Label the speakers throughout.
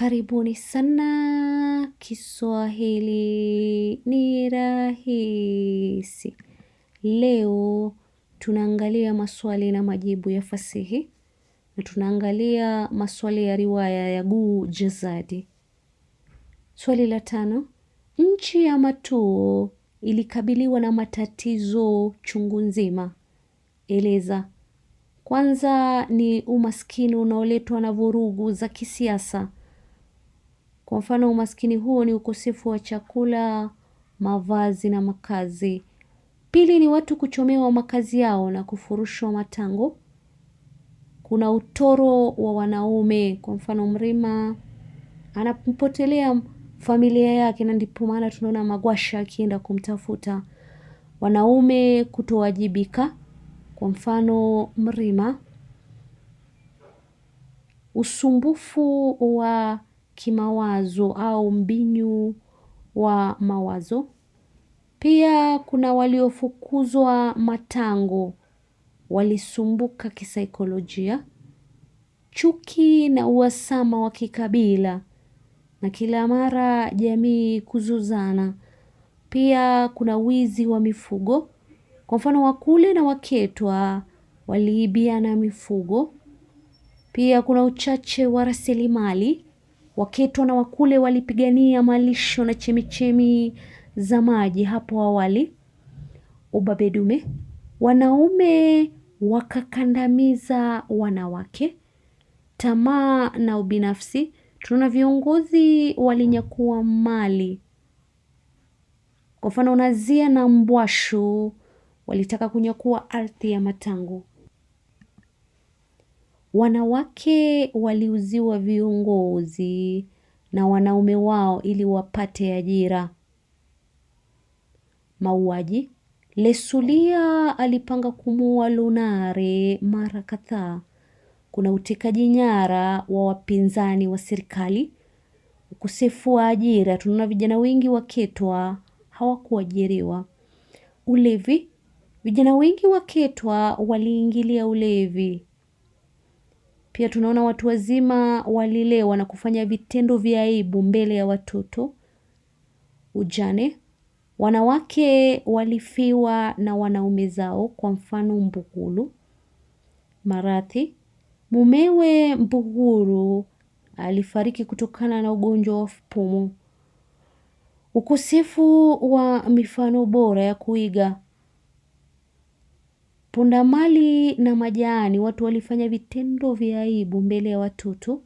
Speaker 1: Karibuni sana, Kiswahili ni rahisi. Leo tunaangalia maswali na majibu ya fasihi na tunaangalia maswali ya riwaya ya Guu Jezadi. Swali la tano, nchi ya Matuo ilikabiliwa na matatizo chungu nzima.
Speaker 2: Eleza. Kwanza ni umaskini unaoletwa na vurugu za kisiasa kwa mfano umaskini huo ni ukosefu wa chakula, mavazi na makazi. Pili ni watu kuchomewa makazi yao na kufurushwa matango. Kuna utoro wa wanaume kwa mfano Mrima anapotelea familia yake na ndipo maana tunaona Magwasha akienda kumtafuta. Wanaume kutowajibika kwa mfano Mrima. Usumbufu wa kimawazo au mbinyu wa mawazo. Pia kuna waliofukuzwa matango, walisumbuka kisaikolojia, chuki na uhasama wa kikabila na kila mara jamii kuzuzana. Pia kuna wizi wa mifugo, kwa mfano wakule na waketwa waliibiana mifugo. Pia kuna uchache wa rasilimali, Waketwa na Wakule walipigania malisho na chemichemi za maji hapo awali ubabedume. Wanaume wakakandamiza wanawake, tamaa na ubinafsi. Tunaona viongozi walinyakua mali. Kwa mfano, Nazia na Mbwashu walitaka kunyakua ardhi ya Matangu. Wanawake waliuziwa viongozi na wanaume wao ili wapate ajira.
Speaker 1: Mauaji Lesulia alipanga kumuua Lunare mara kadhaa. Kuna utekaji nyara wa wapinzani wa serikali, ukosefu wa ajira. Tunaona vijana wengi waketwa hawakuajiriwa. Ulevi, vijana wengi waketwa waliingilia ulevi. Pia tunaona watu wazima walilewa na kufanya vitendo vya aibu mbele ya watoto. Ujane, wanawake walifiwa na wanaume zao kwa mfano Mbugulu. Marathi, mumewe Mbuguru alifariki kutokana na ugonjwa wa pumu. Ukosefu wa mifano bora ya kuiga Pundamali na Majani watu walifanya vitendo vya aibu mbele ya watoto.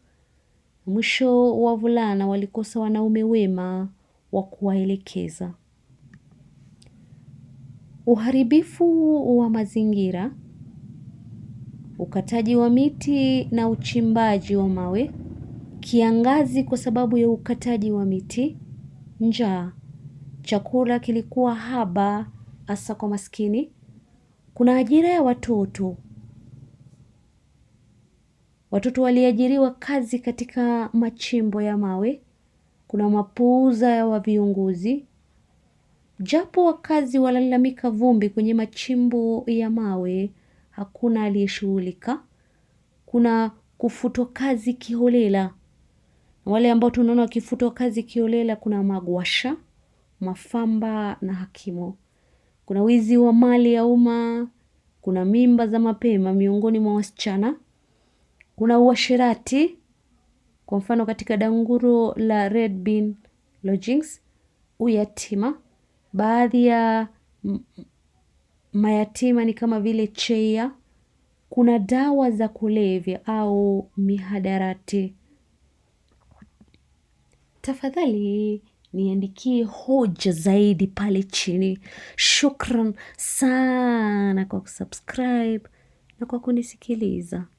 Speaker 1: Mwisho wavulana walikosa wanaume wema wa kuwaelekeza. Uharibifu wa mazingira, ukataji wa miti na uchimbaji wa mawe, kiangazi kwa sababu ya ukataji wa miti, njaa, chakula kilikuwa haba hasa kwa maskini, kuna ajira ya watoto. Watoto waliajiriwa kazi katika machimbo ya mawe. Kuna mapuuza ya wa viongozi. Japo wakazi walalamika vumbi kwenye machimbo ya mawe, hakuna aliyeshughulika. Kuna kufutwa kazi kiholela. Wale ambao tunaona wakifutwa kazi kiholela kuna magwasha, mafamba na hakimu. Kuna wizi wa mali ya umma, kuna mimba za mapema miongoni mwa wasichana, kuna uasherati, kwa mfano katika danguro la Red Bean Lodgings, uyatima. Baadhi ya mayatima ni kama vile cheia. Kuna dawa za kulevya au mihadarati. Tafadhali niandikie hoja zaidi pale chini. Shukran sana kwa kusubscribe na kwa kunisikiliza.